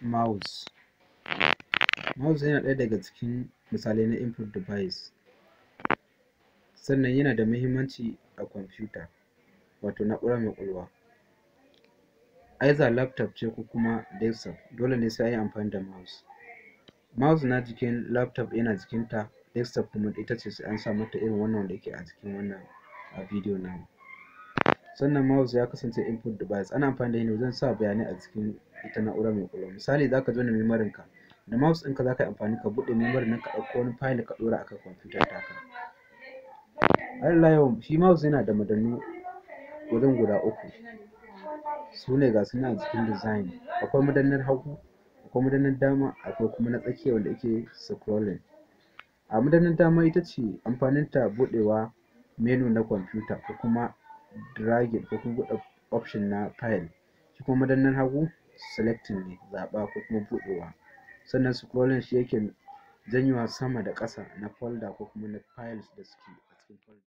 Mouse Mouse yana ɗaya daga cikin misalai na input device sannan yana da muhimmanci a kwamfuta wato na'ura mai ƙwaƙwalwa either laptop ce ko kuma desktop dole ne sai an yi amfani da mouse mouse na jikin laptop yana jikinta desktop kuma ita ce sai an sa mata irin wannan wanda yake a jikin wannan a bidiyo namu sannan mouse ya kasance input device ana amfani da shi ne wajen sa bayanai a cikin ita na'ura mai ƙwaƙwalwa misali zaka zo da memory ka da mouse ɗinka zaka yi amfani ka buɗe memory nan ka ɗauko wani file ka ɗora akan computer taka har ila yau shi mouse yana da madannu wajen guda uku su ne ga su nan a jikin design akwai madannin hagu akwai madannin dama akwai kuma na tsakiya wanda ake scrolling a madannin dama ita ce amfaninta buɗewa menu na kwamfuta ko kuma dragging ko kuma buɗe option na file shi kuma madannin hagu selecting ne zaɓa ko kuma buɗewa sannan scrolling shi yake janyowa sama da ƙasa na folder ko kuma na files da suke a cikin folder